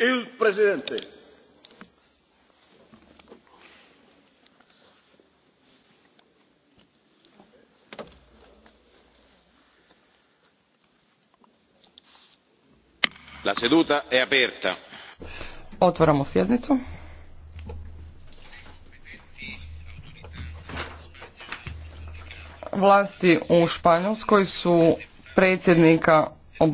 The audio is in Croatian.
il presidente la seduta è aperta otvaramo sjednicu vlasti u španjolskoj su predsjednika obavijestile